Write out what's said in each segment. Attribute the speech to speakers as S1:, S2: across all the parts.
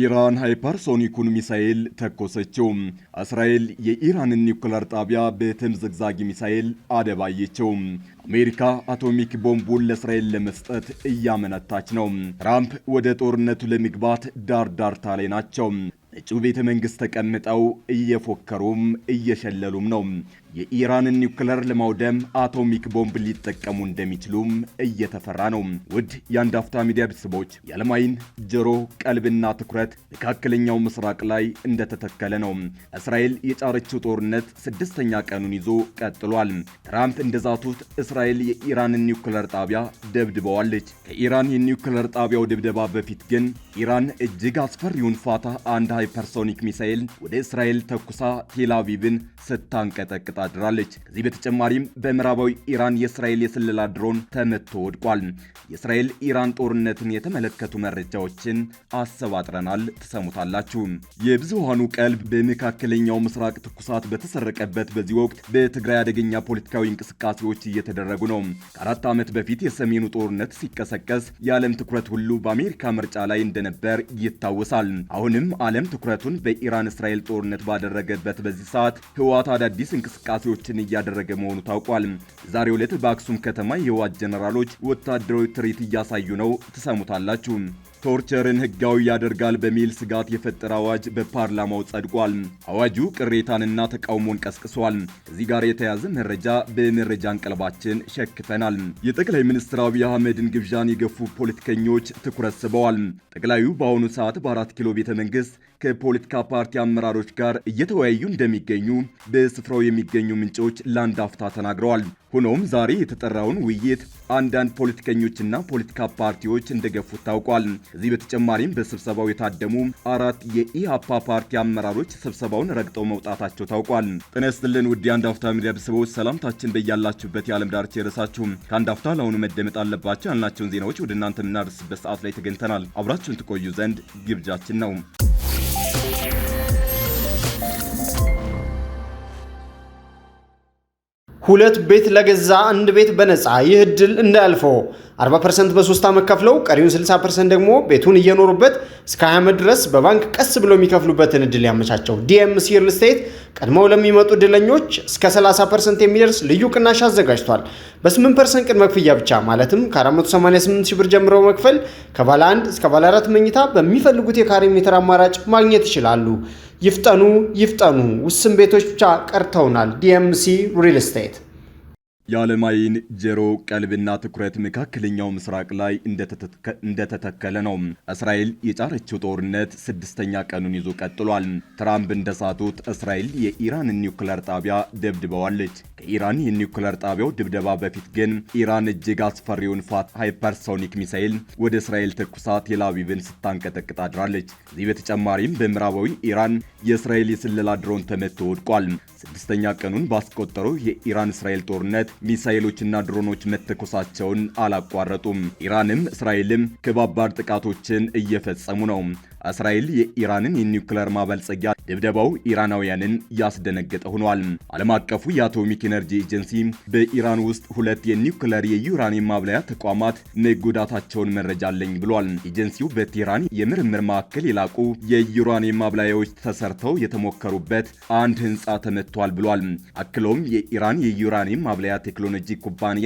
S1: ኢራን ሃይፐርሶኒኩን ሚሳኤል ተኮሰችው። እስራኤል የኢራንን ኒውክለር ጣቢያ በተምዘግዛጊ ሚሳኤል አደባየችው። አሜሪካ አቶሚክ ቦምቡን ለእስራኤል ለመስጠት እያመነታች ነው። ትራምፕ ወደ ጦርነቱ ለመግባት ዳርዳርታ ላይ ናቸው። እጩ ቤተ መንግስት ተቀምጠው እየፎከሩም እየሸለሉም ነው። የኢራንን ኒውክለር ለማውደም አቶሚክ ቦምብ ሊጠቀሙ እንደሚችሉም እየተፈራ ነው። ውድ የአንድ አፍታ ሚዲያ ቤተሰቦች የዓለማይን ጆሮ ቀልብና ትኩረት መካከለኛው ምስራቅ ላይ እንደተተከለ ነው። እስራኤል የጫረችው ጦርነት ስድስተኛ ቀኑን ይዞ ቀጥሏል። ትራምፕ እንደዛቱት እስራኤል የኢራንን ኒውክለር ጣቢያ ደብድበዋለች። ከኢራን የኒውክለር ጣቢያው ድብደባ በፊት ግን ኢራን እጅግ አስፈሪውን ፋታ አንድ ሃይፐርሶኒክ ሚሳኤል ወደ እስራኤል ተኩሳ ቴላቪቭን ስታንቀጠቅጥ አድራለች። ከዚህ በተጨማሪም በምዕራባዊ ኢራን የእስራኤል የስለላ ድሮን ተመቶ ወድቋል። የእስራኤል ኢራን ጦርነትን የተመለከቱ መረጃዎችን አሰባጥረናል፣ ትሰሙታላችሁ። የብዙሃኑ ቀልብ በመካከለኛው ምስራቅ ትኩሳት በተሰረቀበት በዚህ ወቅት በትግራይ አደገኛ ፖለቲካዊ እንቅስቃሴዎች እየተደረጉ ነው። ከአራት ዓመት በፊት የሰሜኑ ጦርነት ሲቀሰቀስ የዓለም ትኩረት ሁሉ በአሜሪካ ምርጫ ላይ እንደነበር ይታወሳል። አሁንም ዓለም ትኩረቱን በኢራን እስራኤል ጦርነት ባደረገበት በዚህ ሰዓት ህወሓት አዳዲስ እንቅስቃሴዎችን እያደረገ መሆኑ ታውቋል። ዛሬው ዕለት በአክሱም ከተማ የህወሓት ጀኔራሎች ወታደራዊ ትርኢት እያሳዩ ነው። ትሰሙታላችሁ። ቶርቸርን ህጋዊ ያደርጋል በሚል ስጋት የፈጠረ አዋጅ በፓርላማው ጸድቋል። አዋጁ ቅሬታንና ተቃውሞን ቀስቅሷል። ከዚህ ጋር የተያዘ መረጃ በመረጃ እንቀልባችን ሸክፈናል። የጠቅላይ ሚኒስትር አብይ አህመድን ግብዣን የገፉ ፖለቲከኞች ትኩረት ስበዋል። ጠቅላዩ በአሁኑ ሰዓት በአራት ኪሎ ቤተ መንግስት ከፖለቲካ ፓርቲ አመራሮች ጋር እየተወያዩ እንደሚገኙ በስፍራው የሚገኙ ምንጮች ለአንድ አፍታ ተናግረዋል። ሆኖም ዛሬ የተጠራውን ውይይት አንዳንድ ፖለቲከኞችና ፖለቲካ ፓርቲዎች እንደገፉት ታውቋል። ከዚህ በተጨማሪም በስብሰባው የታደሙ አራት የኢአፓ ፓርቲ አመራሮች ስብሰባውን ረግጠው መውጣታቸው ታውቋል። ጤና ይስጥልን ውድ የአንድ አፍታ ሚዲያ ቤተሰቦች ሰላምታችን በያላችሁበት የዓለም ዳርቻ የረሳችሁ ከአንድ አፍታ ለአሁኑ መደመጥ አለባቸው ያልናቸውን ዜናዎች ወደ እናንተ የምናደርስበት ሰዓት ላይ ተገኝተናል። አብራችሁን ትቆዩ ዘንድ ግብዣችን ነው። ሁለት ቤት ለገዛ አንድ ቤት በነፃ ይህ እድል እንዳያልፈው። 40% በሶስት ዓመት ከፍለው ቀሪውን 60% ደግሞ ቤቱን እየኖሩበት እስከ 20 ዓመት ድረስ በባንክ ቀስ ብሎ የሚከፍሉበትን እድል ያመቻቸው ዲኤምሲ ሪል ስቴት ቀድመው ለሚመጡ እድለኞች እስከ 30 ፐርሰንት የሚደርስ ልዩ ቅናሽ አዘጋጅቷል። በ8 ፐርሰንት ቅድመ ክፍያ ብቻ ማለትም ከ488 ሺ ብር ጀምሮ መክፈል ከባለ 1 እስከ ባለ 4 መኝታ በሚፈልጉት የካሬ ሜትር አማራጭ ማግኘት ይችላሉ። ይፍጠኑ ይፍጠኑ! ውስን ቤቶች ብቻ ቀርተውናል። ዲኤምሲ ሪል ስቴት አይን ጆሮ ቀልብና ትኩረት መካከለኛው ምስራቅ ላይ እንደተተከለ ነው። እስራኤል የጫረችው ጦርነት ስድስተኛ ቀኑን ይዞ ቀጥሏል። ትራምፕ እንደሳቱት እስራኤል የኢራንን ኒውክለር ጣቢያ ደብድበዋለች። ከኢራን የኒውክለር ጣቢያው ድብደባ በፊት ግን ኢራን እጅግ አስፈሪውን ፋት ሃይፐርሶኒክ ሚሳኤል ወደ እስራኤል ትኩሳ ቴላቪቭን ስታንቀጠቅጥ አድራለች። እዚህ በተጨማሪም በምዕራባዊ ኢራን የእስራኤል የስለላ ድሮን ተመቶ ወድቋል። ስድስተኛ ቀኑን ባስቆጠረው የኢራን እስራኤል ጦርነት ሚሳኤሎችና ድሮኖች መተኮሳቸውን አላቋረጡም። ኢራንም እስራኤልም ከባባድ ጥቃቶችን እየፈጸሙ ነው። እስራኤል የኢራንን የኒውክለር ማበልጸጊያ ድብደባው ኢራናውያንን ያስደነገጠ ሆኗል። ዓለም አቀፉ የአቶሚክ ኤነርጂ ኤጀንሲ በኢራን ውስጥ ሁለት የኒውክለር የዩራኒየም ማብለያ ተቋማት መጎዳታቸውን መረጃ አለኝ ብሏል። ኤጀንሲው በቴህራን የምርምር ማዕከል የላቁ የዩራኒየም ማብለያዎች ተሰርተው የተሞከሩበት አንድ ህንፃ ተመቷል ብሏል። አክለውም የኢራን የዩራኒየም ማብለያ ቴክኖሎጂ ኩባንያ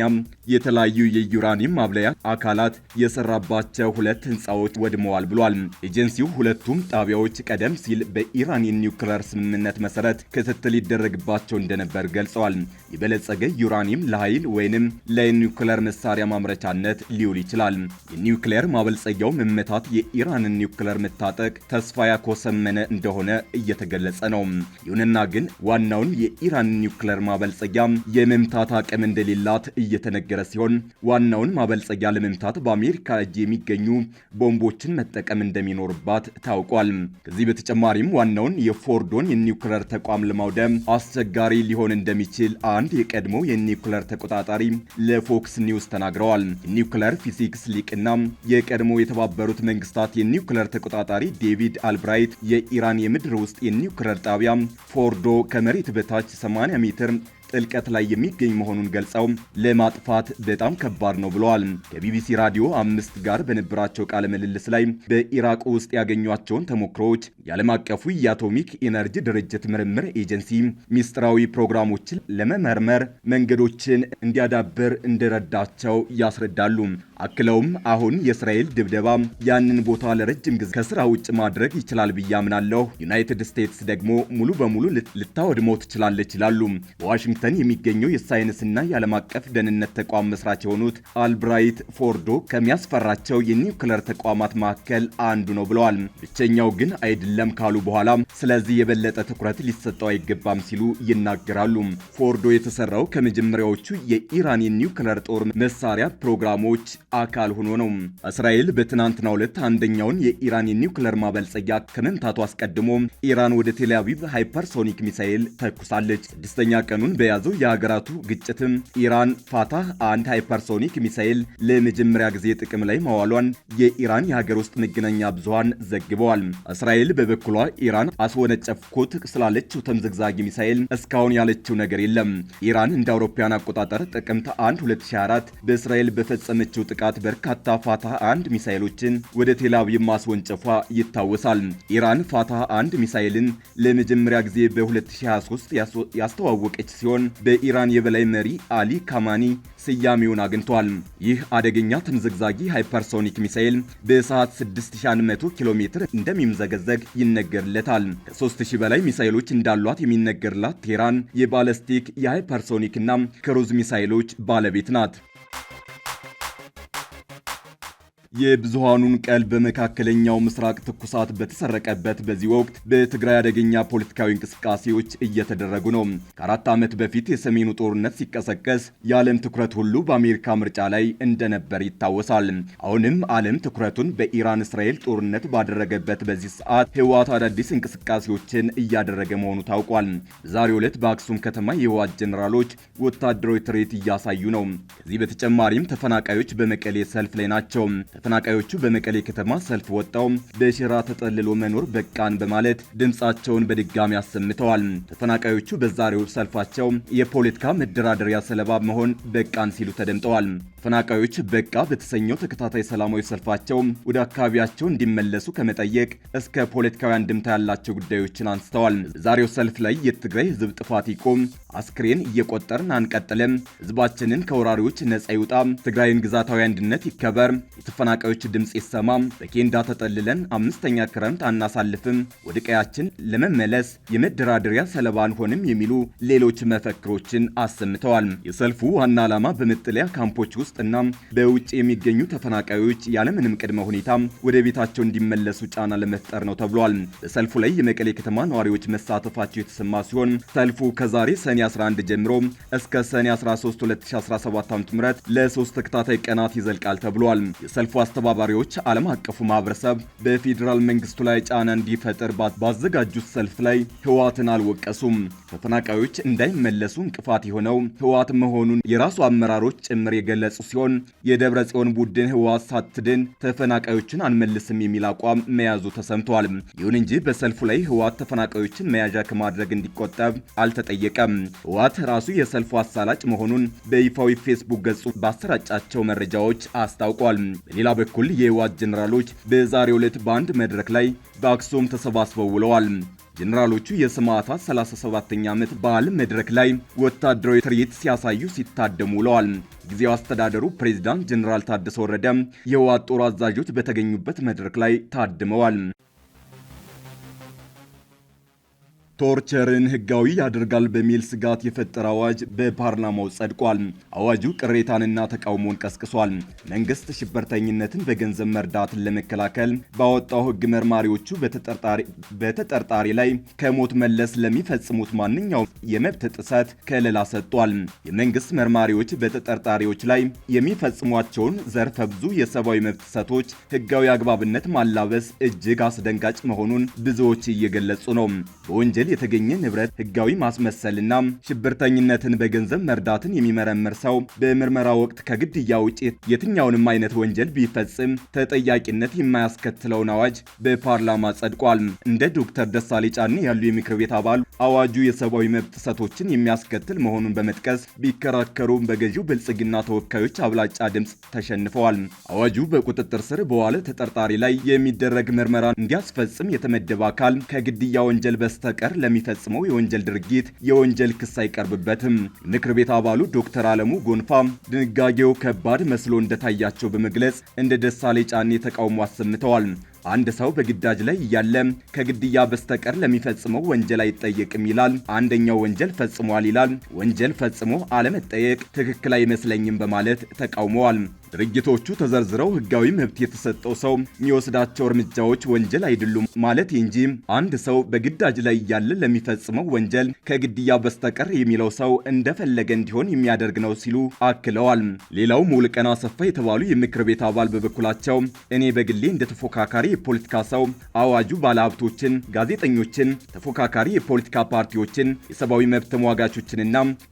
S1: የተለያዩ የዩራኒየም ማብለያ አካላት የሰራባቸው ሁለት ህንፃዎች ወድመዋል ብሏል። ኤጀንሲው ሁለቱም ጣቢያዎች ቀደም ሲል በኢራን የኒውክሌር ስምምነት መሰረት ክትትል ይደረግባቸው እንደነበር ገልጸዋል። የበለጸገ ዩራኒየም ለኃይል ወይንም ለኒውክለር መሳሪያ ማምረቻነት ሊውል ይችላል። የኒውክሌር ማበልጸጊያው መመታት የኢራንን ኒውክለር መታጠቅ ተስፋ ያኮሰመነ እንደሆነ እየተገለጸ ነው። ይሁንና ግን ዋናውን የኢራን ኒውክለር ማበልጸጊያ የመምታት አቅም እንደሌላት እየተነገረ ሲሆን ዋናውን ማበልጸጊያ ለመምታት በአሜሪካ እጅ የሚገኙ ቦምቦችን መጠቀም እንደሚኖርባት እንደሚገጥማት ታውቋል። ከዚህ በተጨማሪም ዋናውን የፎርዶን የኒውክለር ተቋም ለማውደም አስቸጋሪ ሊሆን እንደሚችል አንድ የቀድሞ የኒውክለር ተቆጣጣሪ ለፎክስ ኒውስ ተናግረዋል። የኒውክለር ፊዚክስ ሊቅና የቀድሞ የተባበሩት መንግስታት የኒውክለር ተቆጣጣሪ ዴቪድ አልብራይት የኢራን የምድር ውስጥ የኒውክለር ጣቢያ ፎርዶ ከመሬት በታች 80 ሜትር ጥልቀት ላይ የሚገኝ መሆኑን ገልጸው ለማጥፋት በጣም ከባድ ነው ብለዋል። ከቢቢሲ ራዲዮ አምስት ጋር በነበራቸው ቃለ ምልልስ ላይ በኢራቅ ውስጥ ያገኟቸውን ተሞክሮዎች የዓለም አቀፉ የአቶሚክ ኢነርጂ ድርጅት ምርምር ኤጀንሲ ሚስጥራዊ ፕሮግራሞችን ለመመርመር መንገዶችን እንዲያዳብር እንደረዳቸው ያስረዳሉ። አክለውም አሁን የእስራኤል ድብደባ ያንን ቦታ ለረጅም ጊዜ ከስራ ውጭ ማድረግ ይችላል ብዬ አምናለሁ። ዩናይትድ ስቴትስ ደግሞ ሙሉ በሙሉ ልታወድመው ትችላለች ይላሉ። በዋሽንግተን ቦስተን የሚገኘው የሳይንስና የዓለም አቀፍ ደህንነት ተቋም መስራች የሆኑት አልብራይት ፎርዶ ከሚያስፈራቸው የኒውክለር ተቋማት መካከል አንዱ ነው ብለዋል። ብቸኛው ግን አይደለም ካሉ በኋላ ስለዚህ የበለጠ ትኩረት ሊሰጠው አይገባም ሲሉ ይናገራሉ። ፎርዶ የተሰራው ከመጀመሪያዎቹ የኢራን የኒውክለር ጦር መሳሪያ ፕሮግራሞች አካል ሆኖ ነው። እስራኤል በትናንትናው ዕለት አንደኛውን የኢራን የኒውክለር ማበልጸጊያ ከመምታቱ አስቀድሞ ኢራን ወደ ቴልአቪቭ ሃይፐርሶኒክ ሚሳኤል ተኩሳለች። ስድስተኛ ቀኑን በ በተያዙ የሀገራቱ ግጭትም ኢራን ፋታህ አንድ ሃይፐርሶኒክ ሚሳኤል ለመጀመሪያ ጊዜ ጥቅም ላይ ማዋሏን የኢራን የሀገር ውስጥ መገናኛ ብዙሃን ዘግበዋል። እስራኤል በበኩሏ ኢራን አስወነጨፍኩት ስላለችው ተምዘግዛጊ ሚሳኤል እስካሁን ያለችው ነገር የለም። ኢራን እንደ አውሮፓውያን አቆጣጠር ጥቅምት 1 2024 በእስራኤል በፈጸመችው ጥቃት በርካታ ፋታህ አንድ ሚሳኤሎችን ወደ ቴላቪቭ ማስወንጨፏ ይታወሳል። ኢራን ፋታህ አንድ ሚሳኤልን ለመጀመሪያ ጊዜ በ2023 ያስተዋወቀች ሲሆን ሲሆን በኢራን የበላይ መሪ አሊ ካማኒ ስያሜውን አግኝቷል። ይህ አደገኛ ተምዘግዛጊ ሃይፐርሶኒክ ሚሳኤል በሰዓት 6100 ኪሎ ሜትር እንደሚምዘገዘግ ይነገርለታል። ከ3000 በላይ ሚሳኤሎች እንዳሏት የሚነገርላት ቴህራን የባለስቲክ የሃይፐርሶኒክ እና ክሩዝ ሚሳኤሎች ባለቤት ናት። የብዙሃኑን ቀልብ በመካከለኛው ምስራቅ ትኩሳት በተሰረቀበት በዚህ ወቅት በትግራይ አደገኛ ፖለቲካዊ እንቅስቃሴዎች እየተደረጉ ነው። ከአራት ዓመት በፊት የሰሜኑ ጦርነት ሲቀሰቀስ የዓለም ትኩረት ሁሉ በአሜሪካ ምርጫ ላይ እንደነበር ይታወሳል። አሁንም ዓለም ትኩረቱን በኢራን እስራኤል ጦርነት ባደረገበት በዚህ ሰዓት ህወሓት አዳዲስ እንቅስቃሴዎችን እያደረገ መሆኑ ታውቋል። ዛሬ ዕለት በአክሱም ከተማ የህወሓት ጀኔራሎች ወታደራዊ ትርኢት እያሳዩ ነው። ከዚህ በተጨማሪም ተፈናቃዮች በመቀሌ ሰልፍ ላይ ናቸው። ተፈናቃዮቹ በመቀሌ ከተማ ሰልፍ ወጣው በሸራ ተጠልሎ መኖር በቃን በማለት ድምፃቸውን በድጋሚ አሰምተዋል። ተፈናቃዮቹ በዛሬው ሰልፋቸው የፖለቲካ መደራደሪያ ሰለባ መሆን በቃን ሲሉ ተደምጠዋል። ተፈናቃዮች በቃ በተሰኘው ተከታታይ ሰላማዊ ሰልፋቸው ወደ አካባቢያቸው እንዲመለሱ ከመጠየቅ እስከ ፖለቲካዊ አንድምታ ያላቸው ጉዳዮችን አንስተዋል። ዛሬው ሰልፍ ላይ የትግራይ ሕዝብ ጥፋት ይቆም፣ አስክሬን እየቆጠርን አንቀጥልም፣ ሕዝባችንን ከወራሪዎች ነጻ ይውጣ፣ ትግራይን ግዛታዊ አንድነት ይከበር፣ የተፈናቃዮች ድምፅ ይሰማ፣ በኬንዳ ተጠልለን አምስተኛ ክረምት አናሳልፍም፣ ወደ ቀያችን ለመመለስ የመደራደሪያ ሰለባ አንሆንም የሚሉ ሌሎች መፈክሮችን አሰምተዋል። የሰልፉ ዋና ዓላማ በመጠለያ ካምፖች ውስጥ ውስጥና በውጭ የሚገኙ ተፈናቃዮች ያለምንም ቅድመ ሁኔታ ወደ ቤታቸው እንዲመለሱ ጫና ለመፍጠር ነው ተብሏል። በሰልፉ ላይ የመቀሌ ከተማ ነዋሪዎች መሳተፋቸው የተሰማ ሲሆን ሰልፉ ከዛሬ ሰኔ 11 ጀምሮ እስከ ሰኔ 13 2017 ዓ.ም ለሶስት ተከታታይ ቀናት ይዘልቃል ተብሏል። የሰልፉ አስተባባሪዎች ዓለም አቀፉ ማህበረሰብ በፌዴራል መንግስቱ ላይ ጫና እንዲፈጥር ባዘጋጁት ሰልፍ ላይ ህወሓትን አልወቀሱም። ተፈናቃዮች እንዳይመለሱ እንቅፋት የሆነው ህወሓት መሆኑን የራሱ አመራሮች ጭምር የገለጹ ሲሆን የደብረ ጽዮን ቡድን ህወሓት ሳትድን ተፈናቃዮችን አንመልስም የሚል አቋም መያዙ ተሰምቷል። ይሁን እንጂ በሰልፉ ላይ ህወሓት ተፈናቃዮችን መያዣ ከማድረግ እንዲቆጠብ አልተጠየቀም። ህወሓት ራሱ የሰልፉ አሳላጭ መሆኑን በይፋዊ ፌስቡክ ገጹ ባሰራጫቸው መረጃዎች አስታውቋል። በሌላ በኩል የህወሓት ጀኔራሎች በዛሬው ዕለት በአንድ መድረክ ላይ በአክሱም ተሰባስበው ውለዋል። ጀኔራሎቹ የሰማዕታት 37ኛ ዓመት በዓል መድረክ ላይ ወታደራዊ ትርኢት ሲያሳዩ ሲታደሙ ውለዋል። ጊዜው አስተዳደሩ ፕሬዚዳንት ጀኔራል ታደሰ ወረደ የህወሓት ጦር አዛዦች በተገኙበት መድረክ ላይ ታድመዋል። ቶርቸርን ህጋዊ ያደርጋል በሚል ስጋት የፈጠረ አዋጅ በፓርላማው ጸድቋል። አዋጁ ቅሬታንና ተቃውሞን ቀስቅሷል። መንግስት ሽብርተኝነትን በገንዘብ መርዳትን ለመከላከል ባወጣው ህግ መርማሪዎቹ በተጠርጣሪ ላይ ከሞት መለስ ለሚፈጽሙት ማንኛውም የመብት ጥሰት ከለላ ሰጥቷል። የመንግስት መርማሪዎች በተጠርጣሪዎች ላይ የሚፈጽሟቸውን ዘርፈ ብዙ የሰብአዊ መብት ጥሰቶች ህጋዊ አግባብነት ማላበስ እጅግ አስደንጋጭ መሆኑን ብዙዎች እየገለጹ ነው። በወንጀል መንገድ የተገኘ ንብረት ህጋዊ ማስመሰልና ሽብርተኝነትን በገንዘብ መርዳትን የሚመረምር ሰው በምርመራ ወቅት ከግድያ ውጪ የትኛውንም አይነት ወንጀል ቢፈጽም ተጠያቂነት የማያስከትለውን አዋጅ በፓርላማ ጸድቋል። እንደ ዶክተር ደሳሌ ጫኔ ያሉ የምክር ቤት አባል አዋጁ የሰብአዊ መብት ጥሰቶችን የሚያስከትል መሆኑን በመጥቀስ ቢከራከሩም በገዢው ብልጽግና ተወካዮች አብላጫ ድምፅ ተሸንፈዋል። አዋጁ በቁጥጥር ስር በዋለ ተጠርጣሪ ላይ የሚደረግ ምርመራ እንዲያስፈጽም የተመደበ አካል ከግድያ ወንጀል በስተቀር ለሚፈጽመው የወንጀል ድርጊት የወንጀል ክስ አይቀርብበትም። ምክር ቤት አባሉ ዶክተር አለሙ ጎንፋ ድንጋጌው ከባድ መስሎ እንደታያቸው በመግለጽ እንደ ደሳሌ ጫኔ ተቃውሞ አሰምተዋል። አንድ ሰው በግዳጅ ላይ እያለ ከግድያ በስተቀር ለሚፈጽመው ወንጀል አይጠየቅም ይላል። አንደኛው ወንጀል ፈጽሟል ይላል። ወንጀል ፈጽሞ አለመጠየቅ ትክክል አይመስለኝም በማለት ተቃውመዋል። ድርጊቶቹ ተዘርዝረው ህጋዊ መብት የተሰጠው ሰው የሚወስዳቸው እርምጃዎች ወንጀል አይደሉም ማለት እንጂ አንድ ሰው በግዳጅ ላይ እያለ ለሚፈጽመው ወንጀል ከግድያ በስተቀር የሚለው ሰው እንደፈለገ እንዲሆን የሚያደርግ ነው ሲሉ አክለዋል። ሌላው ሙሉቀን አሰፋ የተባሉ የምክር ቤት አባል በበኩላቸው እኔ በግሌ እንደ ተፎካካሪ የፖለቲካ ሰው አዋጁ ባለሀብቶችን፣ ጋዜጠኞችን፣ ተፎካካሪ የፖለቲካ ፓርቲዎችን፣ የሰብአዊ መብት ተሟጋቾችንና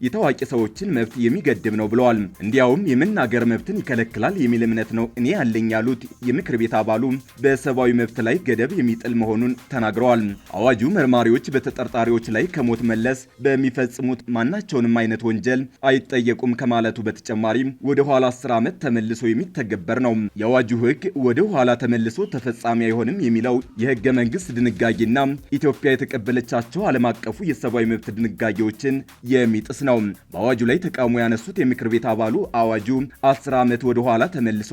S1: የታዋቂ ሰዎችን መብት የሚገድብ ነው ብለዋል። እንዲያውም የመናገር መብትን ይከለ ይከለክላል የሚል እምነት ነው እኔ ያለኝ ያሉት የምክር ቤት አባሉ በሰብአዊ መብት ላይ ገደብ የሚጥል መሆኑን ተናግረዋል። አዋጁ መርማሪዎች በተጠርጣሪዎች ላይ ከሞት መለስ በሚፈጽሙት ማናቸውንም አይነት ወንጀል አይጠየቁም ከማለቱ በተጨማሪ ወደ ኋላ አስር ዓመት ተመልሶ የሚተገበር ነው። የአዋጁ ህግ ወደ ኋላ ተመልሶ ተፈጻሚ አይሆንም የሚለው የህገ መንግስት ድንጋጌና ኢትዮጵያ የተቀበለቻቸው ዓለም አቀፉ የሰብአዊ መብት ድንጋጌዎችን የሚጥስ ነው። በአዋጁ ላይ ተቃውሞ ያነሱት የምክር ቤት አባሉ አዋጁ አስር ዓመት ወደ ኋላ ተመልሶ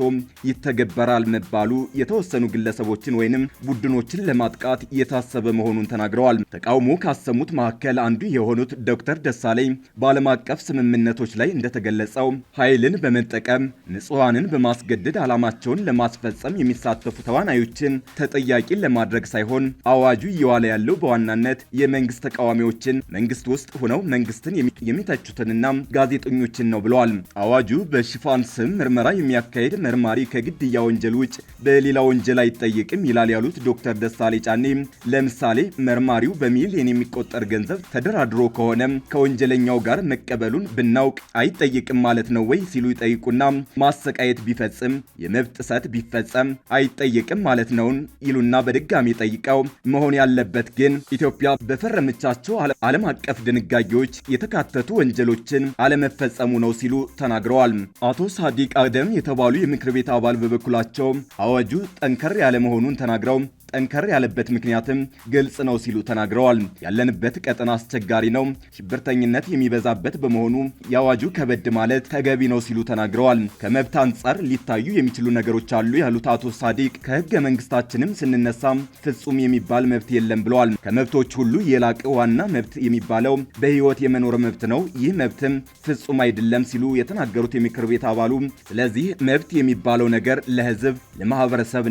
S1: ይተገበራል መባሉ የተወሰኑ ግለሰቦችን ወይንም ቡድኖችን ለማጥቃት የታሰበ መሆኑን ተናግረዋል። ተቃውሞ ካሰሙት መካከል አንዱ የሆኑት ዶክተር ደሳለኝ በዓለም አቀፍ ስምምነቶች ላይ እንደተገለጸው ኃይልን በመጠቀም ንጹሐንን በማስገደድ ዓላማቸውን ለማስፈጸም የሚሳተፉ ተዋናዮችን ተጠያቂ ለማድረግ ሳይሆን አዋጁ እየዋለ ያለው በዋናነት የመንግስት ተቃዋሚዎችን መንግስት ውስጥ ሆነው መንግስትን የሚተቹትንና ጋዜጠኞችን ነው ብለዋል። አዋጁ በሽፋን ስም ምርመራ የሚያካሄድ መርማሪ ከግድያ ወንጀል ውጭ በሌላ ወንጀል አይጠይቅም ይላል ያሉት ዶክተር ደሳሌ ጫኔ ለምሳሌ መርማሪው በሚሊዮን የሚቆጠር ገንዘብ ተደራድሮ ከሆነ ከወንጀለኛው ጋር መቀበሉን ብናውቅ አይጠይቅም ማለት ነው ወይ ሲሉ ይጠይቁና ማሰቃየት ቢፈጽም የመብት ጥሰት ቢፈጸም አይጠይቅም ማለት ነውን ይሉና በድጋሚ ጠይቀው መሆን ያለበት ግን ኢትዮጵያ በፈረመቻቸው ዓለም አቀፍ ድንጋጌዎች የተካተቱ ወንጀሎችን አለመፈጸሙ ነው ሲሉ ተናግረዋል። አቶ ሳዲቅ አደ ቀደም የተባሉ የምክር ቤት አባል በበኩላቸው አዋጁ ጠንከር ያለ መሆኑን ተናግረው ጠንከር ያለበት ምክንያትም ግልጽ ነው ሲሉ ተናግረዋል። ያለንበት ቀጠና አስቸጋሪ ነው፣ ሽብርተኝነት የሚበዛበት በመሆኑ የአዋጁ ከበድ ማለት ተገቢ ነው ሲሉ ተናግረዋል። ከመብት አንጻር ሊታዩ የሚችሉ ነገሮች አሉ ያሉት አቶ ሳዲቅ ከህገ መንግስታችንም ስንነሳ ፍጹም የሚባል መብት የለም ብለዋል። ከመብቶች ሁሉ የላቀ ዋና መብት የሚባለው በህይወት የመኖር መብት ነው። ይህ መብትም ፍጹም አይደለም ሲሉ የተናገሩት የምክር ቤት አባሉ ስለዚህ መብት የሚባለው ነገር ለህዝብ ለማህበረሰብና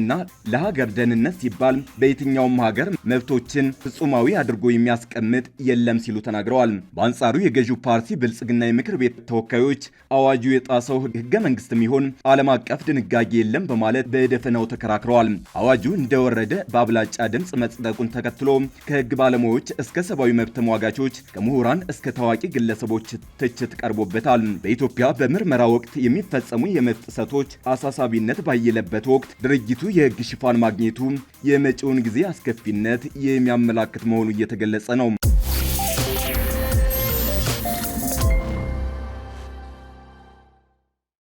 S1: ለሀገር ደህንነት ሲባል ገልጸዋል። በየትኛውም ሀገር መብቶችን ፍጹማዊ አድርጎ የሚያስቀምጥ የለም ሲሉ ተናግረዋል። በአንጻሩ የገዢው ፓርቲ ብልጽግና የምክር ቤት ተወካዮች አዋጁ የጣሰው ህገ መንግስትም ይሆን ዓለም አቀፍ ድንጋጌ የለም በማለት በደፈናው ተከራክረዋል። አዋጁ እንደወረደ በአብላጫ ድምፅ መጽደቁን ተከትሎ ከህግ ባለሙያዎች እስከ ሰብአዊ መብት ተሟጋቾች ከምሁራን እስከ ታዋቂ ግለሰቦች ትችት ቀርቦበታል። በኢትዮጵያ በምርመራ ወቅት የሚፈጸሙ የመብት ጥሰቶች አሳሳቢነት ባየለበት ወቅት ድርጅቱ የህግ ሽፋን ማግኘቱ የመጪውን ጊዜ አስከፊነት የሚያመላክት መሆኑ እየተገለጸ ነው።